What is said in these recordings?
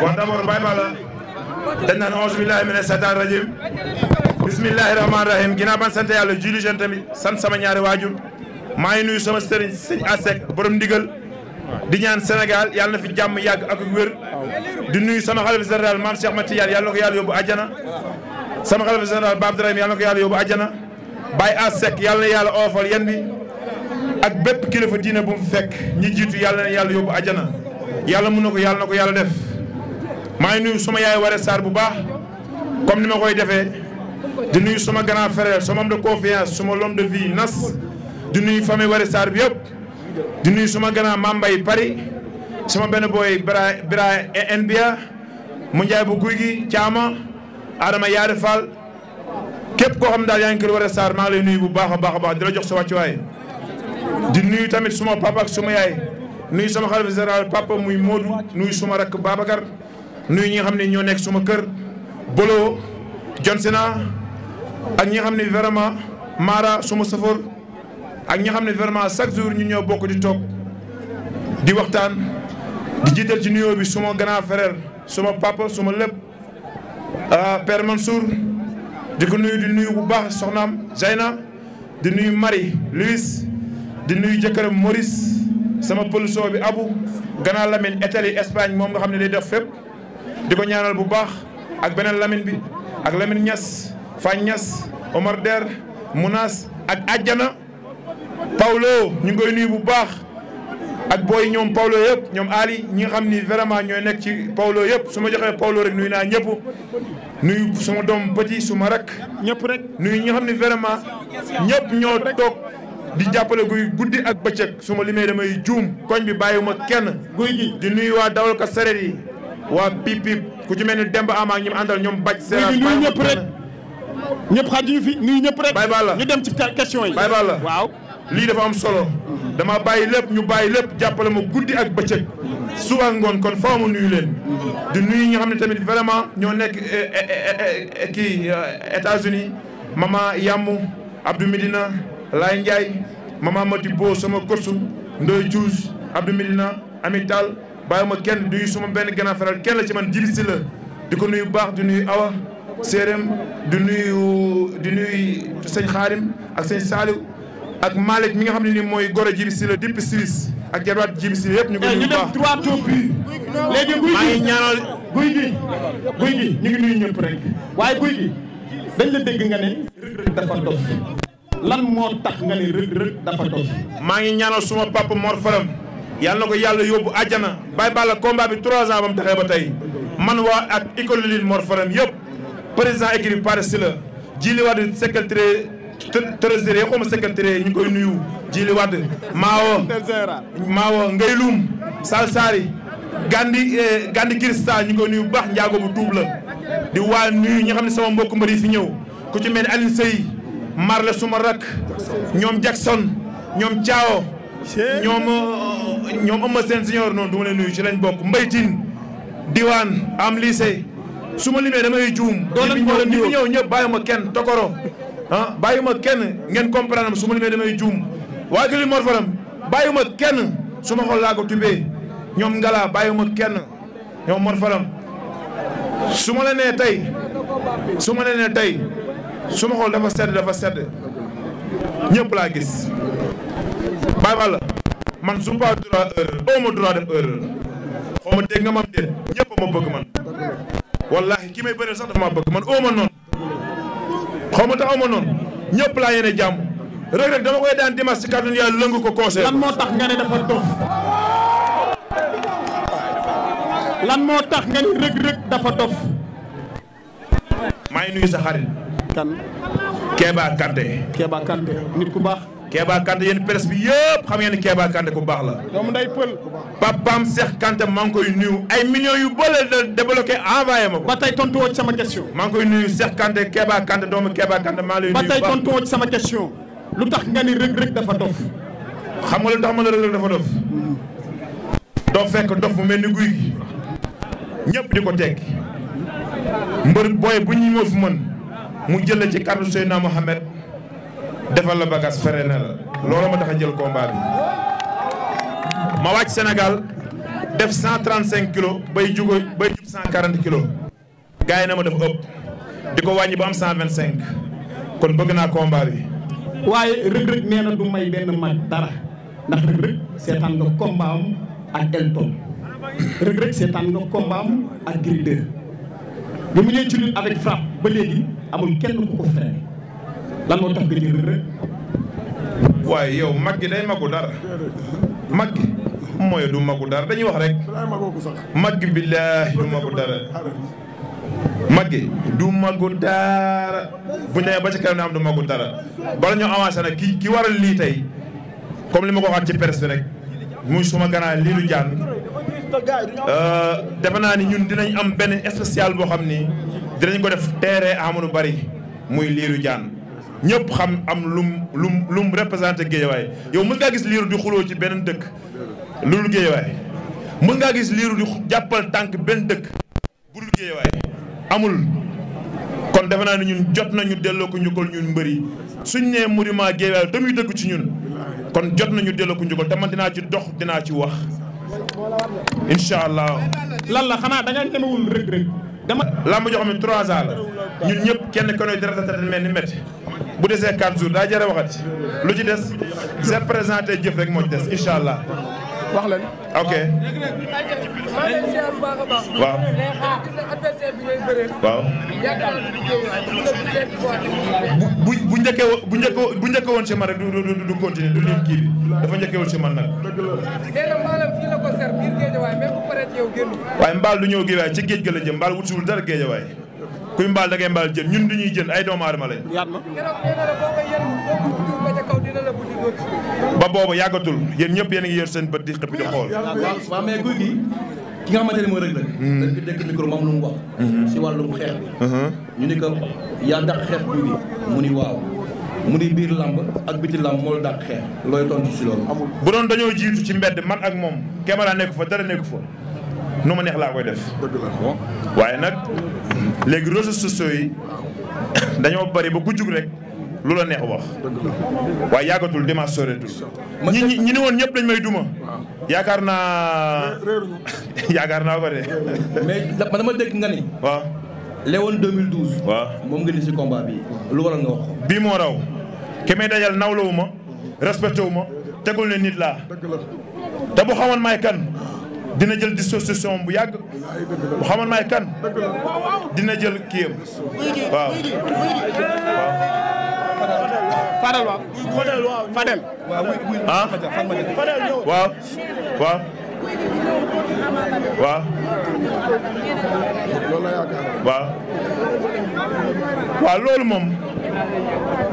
kon d'abord Baye Balla dañ naan auzu billahi mina seytaani rajim bismillahi rahmaani rahim ginnaaw ban sant yàlla julli jeune tamit sant sama ñaari waaju maa ngi nuyu sama sëriñ sëñ Asek borom ndigal di ñaan Sénégal yàlla na fi jàmm yàgg ak wér di nuyu sama xalifa général maam Cheikh Mati Yàlla yàlla na ko yàlla yóbbu àjjana sama xalifa général Baab Daraim yàlla na ko yàlla yóbbu àjjana Baye Asek yàlla na yàlla oofal yan bi ak bépp kilifa diine bu mu na yàlla yóbbu àjjana yàlla mun na ko yàlla na yàlla maa ngi nuyu suma yaay Waré Sarr bu baax comme ni ma koy defee di nuy suma grand frère sama homme de confiance suma l'homme de vie nas di nuyu famille Waré Sarr bi yëpp di nuyu suma grand mambay Paris sama benn booy Bira Bira NBA mu njaay bu guy gi caama Adama Yaari Fall képp koo xam daal yaa ngi kër Waré Sarr maa ngi lay nuyu bu baax a baax a baax di la jox sa wàccuwaay di nuy tamit suma papa ak suma yaay nuyu sama xalifa général papa muy Modou nuyu suma rakk Babacar. nuy ñi nga xam ne ñoo nekk suma kër Bolo Johnsena ak ñi nga xam ne vraiment Mara suma safoor ak ñi xam ne vraiment chaque jour ñu ñoo bokk di toog di waxtaan di jiital ci nuyoo bi suma grand frère suma papa suma lépp ah, Père Mansour di ko nuyu di nuyu bu baax soxnaam Zeyna di nuyu Marie Louise di nuyu jëkkëram Maurice sama pël soo bi Abu gannaaw Lamine Italie Espagne moom nga xam ne day def fépp di ko ñaanal bu baax ak beneen Lamine bi ak Lamine ñas Fagne Niass Omar Der ak Adjana Paulo ñu ngi koy nuyu bu baax ak booy ñoom Paulo yëpp ñoom Ali ñi xam ni vraiment ñoo nekk ci Paulo yëpp su ma joxee Paulo rek nuy naa ñëpp nuyu suma doom petit suma rak ñëpp rek nuyu ñi nga xam ni vraiment ñëpp ñoo toog di jàppale guy guddi ak bëccëg su ma limee damay juum koñ bi bàyyiwuma kenn guy gi di nuyu waa dawalkat sareet yi waa pip pip ku ci mel ni Demba Ama ak ñi mu àndal ñoom baj seeraas nuyu ñëpp rek ñëpp xaaju ñu fi nuyu ñëpp rek. bay baal ñu dem ci question yi. bay baal lii dafa am solo. dama bàyyi lépp ñu bàyyi lépp jàppale ma guddi ak bëccëg. suba ak ngoon kon faaw ma nuyu leen. di nuyu ñi nga xam ne tamit vraiment ñoo nekk eh, eh, eh, kii États-Unis mama Yamou Abdou Medina Laye Ndiaye mama Mati Bo sama kosu Ndoye Diouf Abdou Medina Amital bàyyi ma kenn duy suma benn gànnaaw faral kenn la ci man jibi la di ko nuyu baax di nuyu awa séeréem di nuyu di nuyu sëñ xaarim ak sëñ saaliw ak Malick mi nga xam ne nii mooy goro jibi si la depuis Suisse ak jarwaat jibi si yëpp ñu ko eh, nuyu baax léegi guy maa ngi ñaanal guy gi ñu ngi nuyu ñëpp rek waaye guy gi dañ la dégg nga ne Reug Reug dafa dof lan moo tax nga ne Reug Reug dafa dof maa ngi ñaanal suma papa Mor Faram yàlla na ko yàlla yóbbu àjjana bàyyi bàlla combat bi trois ans ba mu taxee ba tey man waa ak école Lille Mor Faram président écrit Paris si la jili wadd secrétaire trésorier xaw ma ñu koy nuyu jili wadd maawo maawo ngay luum sal saari gandi eh, kirista ñu koy nuyu bu baax njaago bu tuub la di waa nuyu ñi xam ne sama mbokk mbër yi fi ñëw ku ci mel ni Alioune Seye Marle suma rak ñoom Jackson ñoom Thiaw ñoom ñoom ëmma seen senior noonu du ma leen nuyu ci lañ bokk mbaytin diwaan am lycée su ma limee damay juum ñi fi ñëw ñëpp bàyyi ma kenn tokoro ah bàyyi ma kenn ngeen comprendre am su ma limee damay juum waa kili mor faram bàyyi ma kenn suma xol laa ko tumbee ñoom ngalaa bàyyi ma kenn ñoom mor faram su ma la nee tey su ma la tey suma xol dafa sedd sedd ñëpp laa gis bàyyi la man su pas droit erreur aw ma droit def erreur ma dégg nga mam déet ñëpp ma bëgg man wallahi ki may bëreel sax dafa ma bëgg man aw ma noonu ma tax aw ma noonu ñëpp laa yéene jàmm rek rek dama koy daan dimanche si kàddu yàlla lëngu ko conseil lan moo tax nga ne dafa moo tax nga ne rëg rëg dafa dof maa ngi nuyu sa xarit kan Kéba Kanté Kéba nit ku baax Kéba Kanté yéen presse bi xam ngeen ne Kéba Kanté ku baax la. doomu nday pël. papaam Cheikh Kanté maa ngi koy nuyu ay millions yu bële la débloqué envoyé ma ko. ba tey tontu woo sama question. maa ngi koy nuyu Cheikh Kanté Kéba Kanté doomu Kéba Kanté maa lay nuyu. ba tey tontu woo sama question. lu tax nga ni Reug Reug dafa dof. xam nga lu tax ma la Reug Reug dafa dof. doo fekk dof mu mel ni guy gi. ñëpp ko teg. mbër booy bu ñu ñëw fu mën mu jëlee ci kàddu Seydina Mohamed. defal la bagage fere na la loolu ma tax jël combat ma wàcc senegal def 135 kilos bay jugo bay jub 140 kilos. gars yi na ma def ëpp di ko wàññi ba am 125 kon bëgg naa combat bi. waaye Reug Reug nee na du may benn mag dara ndax Reug Reug seetaan nga combat am ak Elton Reug Reug seetaan nga combat ak Gris bi mu ñëwee ci lutte avec frappe ba léegi amul kenn ku ko freiné. lan moo waaye yow mag gi day magu dara. mag gi mooy du magu dara dañuy wax rek. mag gi billaahi du magu dara. mag gi du magu dara bu ñu demee ba ci kanam ne am du magu dara bala ñoo avancé nag ki ki waral lii tey comme li ma ko ci presse bi rek muy suma ganaar lii du euh, jàng defe naa ni ñun dinañ am benn spécial boo xam ni dinañ ko def teere Amadou Bari muy liiru jaan ñépp xam am lum lum lum représenté géejawaay yow mën ngaa gis liiru di xuloo ci beneen dëkk lul géejawaay mën ngaa gis liiru di jàppal tànk benn dëkk bu dul géejawaay amul kon defe naa ni ñun jot nañu delloo ko njukkal ñun mbëri suñ nee monument géejawaay damuy dëgg ci ñun kon jot nañu delloo ko njukkal te man dinaa ci dox dinaa ci wax incha allah. lan la xanaa da nga demewul rëg dama. làmb joo xam ne trois ans la ñun ñëpp kenn ku ne dara dara mel ni métti. bu desee 4 jours daa jëre waxati lu ci des seen présenté jëf rek moo des incha allah. wax leen ok. waaw. waaw. bu bu njëkkee woon bu njëkkee bu njëkkee woon ci man rek du du du du continuer kii dafa njëkkee woon ci man nag. waaye mbaal du ñëw géejawaay ci géej ga la jëm mbaal wutiwul dara géejawaay. kuy mbaal da mbaal jën ñun du ñuy jën ay doomu aadama lañ. yaat ma ba boobu yàggatul yéen ñëpp yéen a ngi yor seen bët di xëpp di xool. waaw mais guy gi ki nga xamante ne mooy rëgg la. Hmm. dañ fi lu mu wax. Hmm. Hmm. ko mu ni waaw. mu ni biir làmb ak biti làmb moo la dàq xeex looy tontu si loolu. bu doon dañoo jiitu ci mbedd man ak moom caméra nekk fa dara nekk fa nu ma neex laa koy def. waaye nag. léegi réseaux sociaux yi dañoo bari ba ku jug rek lu la neex wax. waaye yàggatul dimanche soreetul. ñi ñi ñi ni woon ñëpp dañ may duma. yaakaar naa. yaakaar naa ko de. dama dégg nga ni. waaw. Léone 2012. waaw moom nga ni si combat bi lu waral nga wax ko. bii moo raw. ki dajal nawlawu ma respecté wu ma tegul ne nit laa. te bu may kan. dina jël dissociation bu yàgg bu xamoon maay kan dina jël kiyam waaw Fadel waaw Fadel waaw Fadel ah waaw waaw loolu moom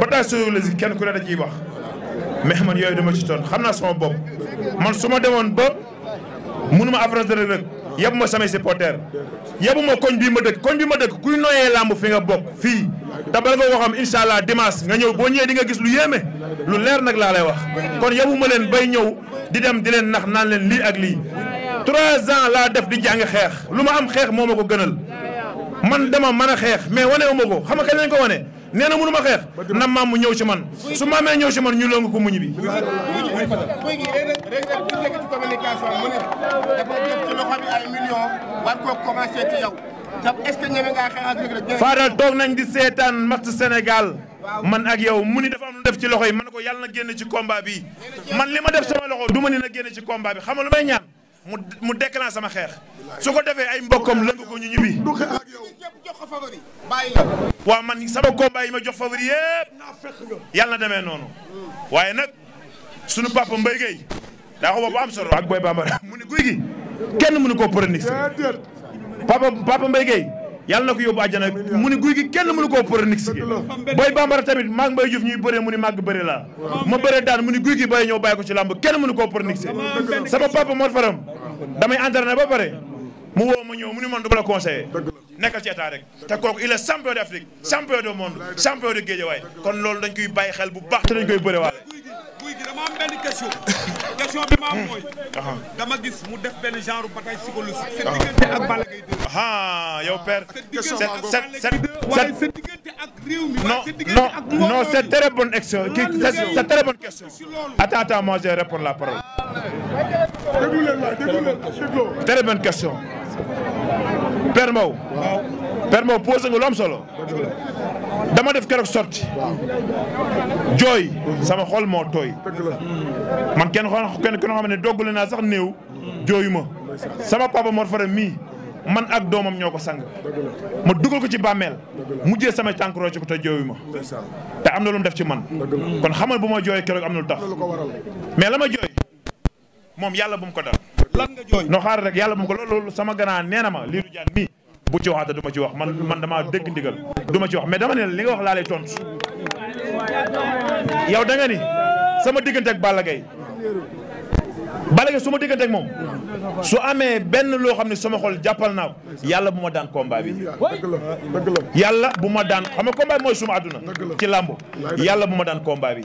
bataille kenn ku ne da ciy wax mais man yooyu dama ci xam naa sama bopp man su demoon ba munuma affronter Reug Reug yab ma samay supporter yabu ma koñ bii ma dëkk koñ bi ma dëkk kuy noyee làmb fi nga bokk fii te bala nga waxam incha allah dimanche nga ñëw boo ñëwee dinga gis lu yéeme lu leer nag laa lay wax kon yabu leen bay ñëw di dem di leen nax naan leen lii ak lii trois ans laa def di jàng xeex lu ma am xeex moom ma ko gënal man dama mën a xeex mais wane wu ma ko xam nga kañ lañ ko wane nee na mënu ma xeex na maam mu ñëw ci man su maamee ñëw ci man ñu lëngu ko muñ bi. Fadal toog nañ di seetaan match Sénégal man ak yow mu ni dafa am def ci loxo yi man ko yàlla na génn ci combat bi man li ma def sama loxo du ma ni na génn ci combat bi xam nga lu may ñaan mu mu déclenché sama xeex su ko defee ay mbokkam lëng ko ñu ñibbi. du waaw man sama combat yi ma jox favori yëpp yàlla na demee noonu waaye nag sunu papa Mbaye Gueye daa ko boobu am solo ak Boy Bambara mu ne guy gi kenn mënu koo pronostiqué papa papa Mbaye ko yóbbu àjjana mu kenn mënu koo pronostiqué Boy Bambara tamit maag Mbaye Diouf ñuy bëree mu ne màgg bëri ma bëree daan mu ne bay ñëw bàyyi ko ci làmb kenn mënu koo pronostiqué sama papa Mor Faram damay entraîné ba pare mu woo ma ñëw mu man du ma la nekkal ci état rek te kooku il est champion d'Afrique champion du monde champion de Guédiawaye kon loolu dañ koy bàyyi xel bu baax te dañ koy bëre waale guy gi dama am benn question question bi ma am mooy dama gis mu def benn genre bataille psychologique seen ah. diggante ak Balla Gaye 2 ah yow père waaye seen diggante ak réew mi non non non c'est très bonne question c'est très bonne question attends attends moi je réponds la parole déglu leen la déglu leen la très bonne question Père Mbow. waaw am solo. dama def keroog sorti jooy sama xol moo tooy. man kenn xoo kenn ku xam ne doggule naa sax néew. jooyu ma sama papa Mor Fara mii man ak doomam ñoo ko sang. ma dugal ko ci bàmmeel. mujjee sama tànk rocc ko te jooyu ma. te am na lu def ci man. kon xamal bu ma jooyee keroog am na lu tax. mais la jooy moom yàlla bu mu ko dal. lan nga jooy no xaar rek yàlla mu loolu sama gannaaw nee na ma liiru jaan mii bu ci waxaata du ma ci wax man man damaa dégg ndigal du ma ci wax mais dama ne li nga wax laa lay tontu yow da nga ni sama diggante ak Balla gay Balla Gaye su ma diggante ak moom su amee benn loo xam ne sama xol jàppal naa ko yàlla bu ma daan combat bi yàlla bu ma daan xam nga combat bi mooy suma àdduna ci làmb yàlla bu ma daan combat bi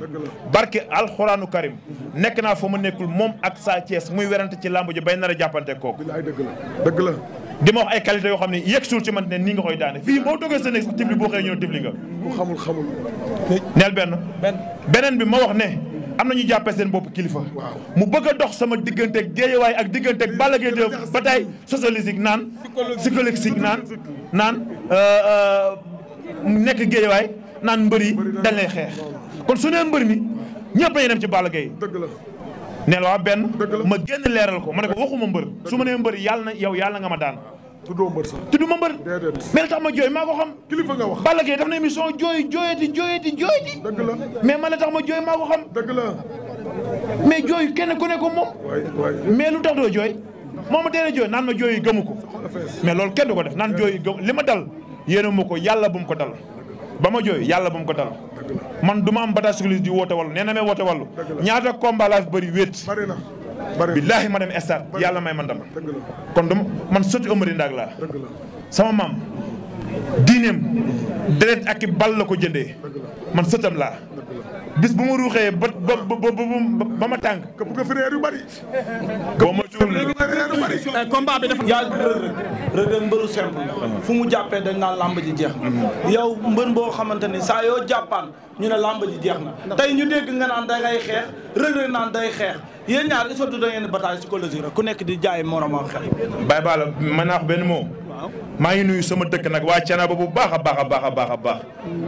barke alxuraanu karim nekk naa fa ma nekkul moom ak Sa Thiès muy werante ci làmb ji bay nar a jàppante kooku dëgg la di ma wax ay qualité yoo xam ne yegg suul ci man ne nii nga koy daane fii boo toggee sa nekk sax tifli boo xëyee ñëw tifli nga ku xamul neel benn beneen bi ma wax ne am na ñu jàppee seen bopp kilifa. mu bëgg a dox sama digganteeg géejewaay ak digganteeg Balla Gaye 2 ba tey sociologique naan. psychologique naan naan euh, euh, nekk géejewaay naan mbër yi dañ xeex. kon su nee mbër mi ñëpp a dem ci Balla Gaye. neel waa benn ma génn leeral ko ma ne ko waxuma mbër su ma nee mbër yàlla na yow yàlla nga ma daan. tuddoo mbër sax tudduma mbër déedéet mais la tax ma jooy maa ko xam kilifa nga wax Balla Gaye def jooy jooyati jooyati jooyati dëgg la mais man la tax ma jooy maa ko xam dëgg mais jooy kenn ku ne ko moom mais lu tax doo jooy moom ma teel a jooy naan ma jooy gëmu ko mais loolu kenn du ko def naan jooy gëm li ma dal yéene ma ko yàlla bu mu ko dal ba ma jooy yàlla bu mu ko dal man du ma am bataas di woote wàllu nee na may woote wàllu ñaata combat laa fi bëri wéet billaahi ma dem stade yàlla may ma ndam kon dum man soti Omari Ndak laa sama maam diineem deret ak i bal la ko jëndee man sëtam laa bis bu ma ruuxee ba ba ba ba ma tàng. képp ko fi réer yu bari. boo ma tuul réer yu bari. bi dafa. yàlla Reug Reug mbëru simple. Uh-huh. fu mu jàppee dañ naan làmb ji jeex na. Uh-huh. yow mbër boo xamante ni saa yoo jàppaan ñu ne làmb ji jeex na. tey ñu dégg nga naan da ngay xeex Reug Reug naan day xeex yéen ñaar surtout da ngeen di bataille psychologique rek ku nekk di jaay moromam xel. bàyyi baala mën naa wax benn moom maa ngi nuyu sama dëkk nag waa Thiénaba bu baax a baax a baax a baax a baax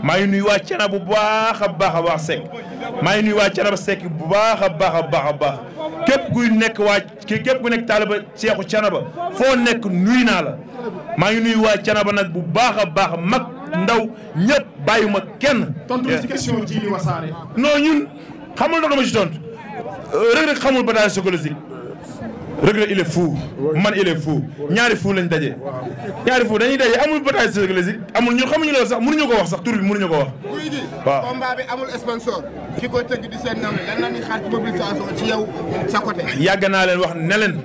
maa ngi nuyu waa Thiénaba bu baax a baax a baax Seck maa ngi nuyu waa Thiénaba Seck bu baax baax a baax a baax képp kuy nekk waa képp ku nekk taaliba Seexu Thiénaba foo nekk nuyu naa la maa ngi nuyu waa Thiénaba nag bu baax a baax mag ndaw ñëpp bàyyuma kenn. tontu ci question ji ni wasaare. non ñun xamul ndox dama ci tontu rek rek xamul bataille psychologique. Reug Reug il est fou man il est fou ñaari fou lañ daje. ñaari fou dañuy daje amul bataille psychologique amul ñun xamuñu loolu sax mënuñu ko wax sax tur bi mënuñu ko wax. waaw combat bi amul ko tëgg di naa leen wax ne leen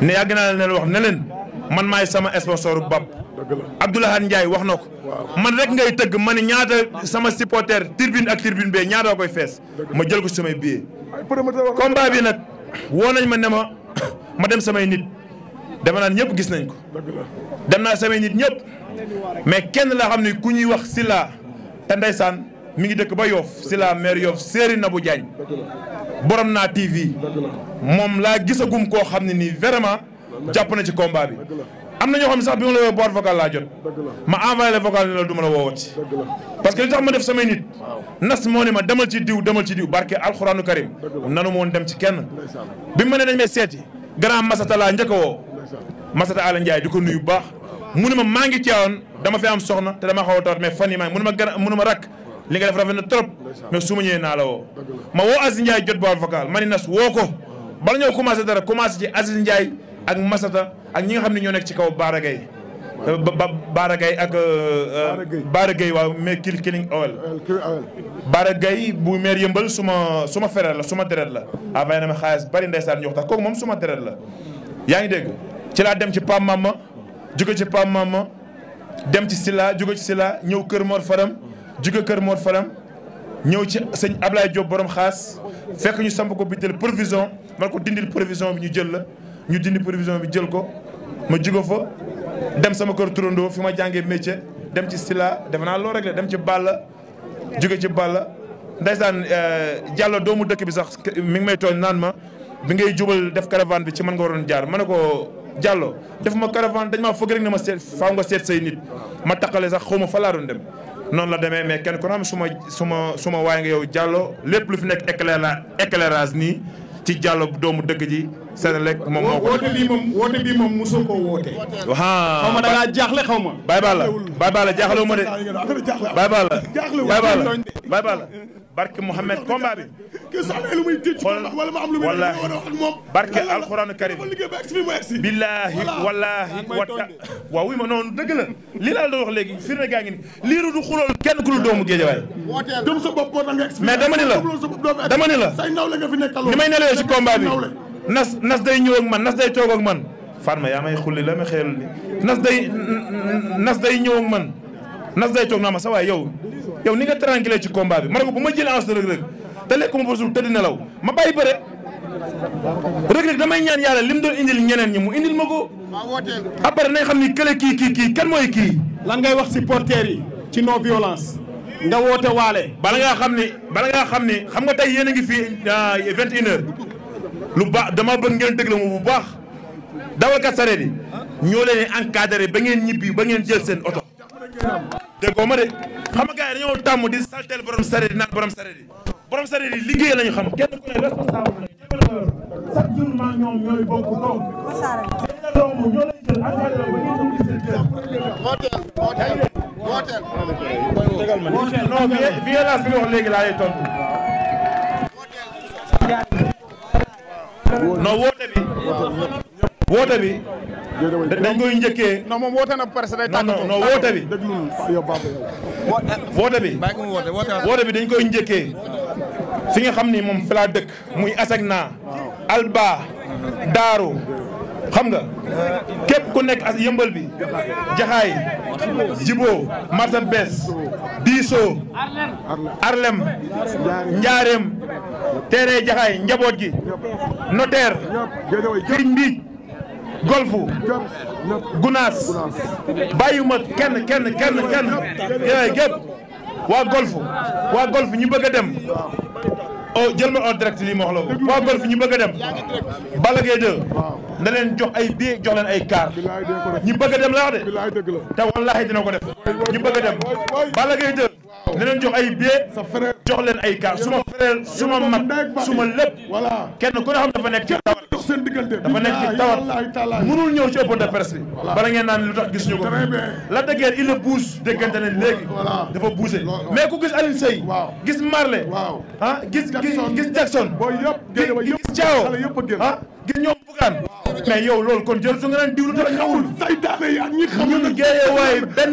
ne yàgg naa leen wax ne leen man maay sama sponsor bu bopp. Abdoulaye Ndiaye wax na ko. man rek ngay tëgg ma ne ñaata sama supporter tribune ak tirbin bee ñaata koy fees. ma jël ko samay billets. bi woo nañ ma ne ma ma dem samay nit dama naan ñëpp gis nañ ko. dem naa samay nit ñëpp mais kenn laa xam ne ku ñuy wax Sylla te ndeysaan mu ngi dëkk ba Yoff Sylla maire Yoff Séeri Nabou Diagne borom naa TV moom laa gisagum koo xam ne nii vraiment jàpp na ci komba bi. am na ñoo xam ne sax bi ma la woowee boîte vocale laa jot. ma envoyé la vocal ne la du ma la woowati. parce que li tax ma def samay nit. nas moo ma demal ci diw barke alxuraanu karim. nanu moon dem ci kenn. bi ma ne dañ may seeti. grand Masata laa njëkk a woo. Masata Ala di ko nuyu baax. mu ne ma maa ngi caawoon dama fi am soxna te dama xaw a mais fan maa ngi mu ne ma gën mu ne ma rakk. li nga def rafet na trop. mais su ma ñëwee naa la woo. ma woo Aziz Ndiaye jot boîte vocale ma ak Masata ak ñi nga xam ne ñoo nekk ci kaw Baara Gueye Baara Gueye ak. Euh, euh, Baara Gueye waaw mais kil kiling awel Baara Gueye bu maire yëmbal suma suma frère la suma deret la avant ah, na ma xaalis bari ndeysaan ñu tax kooku moom suma deret la yaa ngi dégg ci laa dem ci Pam Mama jóge ci Pam ma dem ci Sila jóge ci Sila ñëw Kër Mor Faram jóge Kër Mor Faram ñëw ci sëñ Ablaye Diop borom xaas fekk ñu samp ko bitel provision man ko dindil provision bi ñu jël la ñu dindi provision bi jël ko ma jugo fa dem sama kër turandoo fi ma jàngee métier dem ci Sila defe naa loo réglé dem ci Balla jóge ci Balla ndaysaan euh, Diallo doomu dëkk bi sax mi ngi may tooñ naan ma bi ngay jubal def caravane bi ci man nga waroon jaar ma ne ko Diallo def ma caravane dañ maa foog rek ne ma seet faaw nga seet say nit ma taqale sax xaw ma fa doon dem. noonu la demee mais kenn ku ne am su ma su ma waay nga yow Diallo lépp lu fi nekk éclairage éclairage nii. ci Diallo doomu dëkk ji Sénélec moom moo ko. woote bii moom woote bii koo woote. waaw xaw ma da ngaa jaaxle xaw ma. Baye Balla Baye Balla jaaxle wu ma de. Baye Balla Baye Balla Baye Balla. barke Mouhamed combat bi. xool barke alxuraanu karim. billaahi wallaahi wata waaw ma noonu dëgg la lii laa doon wax léegi firnde gaa ngi ni liiru du kenn ku doomu géejawaay. mais dama ni la dama ni la ni may nelawee ci combat bi nas day ñëw man nas day toog ak man. Fatma yaa may xulli la day nas day ñëw ak man nas day toog ma sa waay yow. yow ni nga tranquille ci combat bi ma ne ko ma jël avance de rëg-rëg te lekkuma ba suuf tëdd nelaw ma bàyyi bëre rëg-rëg damay ñaan yàlla lim doon indil ñeneen ñi mu indil ma ko après nañ xam ni kële kii kii kii kan mooy kii lan ngay wax supporters yi ci non violence nga woote waale bala ngaa xam ni bala ngaa xam ni xam nga tey yéen a ngi fi euh, vingt et une heure lu baax dama bëgg ngeen déglu ma bu baax dawalkat sareet yi ñoo ba ngeen ñibbi ba ngeen jël seen oto déggoo ma de xam nga gars yi dañoo tàmm di saltel borom sareet yi naan borom sareet borom sareet liggéey lañu xam kenn ku ne responsable la jëmale la yor chaque jour maa woote bi. dañ koy njëkkee. non moom bi. woote bi. woote fi nga xam ni moom fi dëkk. muy Asegna. Alba. Daaru. xam nga képp ku nekk as yëmbal bi jaxaay jiboo marsa diisoo arlem njaareem teere jaxaay njaboot gi notaire fir mbiic golfu gunaas bàyyiwuma kenn kenn kenn kenn yooyu gépp waa golfu waa golfu ñu bëgg dem oh jël ma en direct lii ma wax la ko waa golf ñu bëgg a dem Balla Gaye 2 na leen jox ay di jox leen ay car ñu bëgg a dem la wax de te wallaahi dina ko def ñu bëgg a ne leen jox ay billets. sa jox leen ay gars suma frère suma mag suma lépp. kenn ku xam dafa nekk ci tawat. dafa nekk ci tawat mënul ñëw ci open de presse bala ngeen naan lu tax gis ñu ko. la dëgër il le bouge déggante léegi. dafa bougé mais ku gis Alioune Seye. gis Marley. Ah, gis Jackson. gis Thiaw ah gis ñoom Bougane. mais yow loolu kon jël su naan diwlu dara ñëwul. saytaane yi waaye benn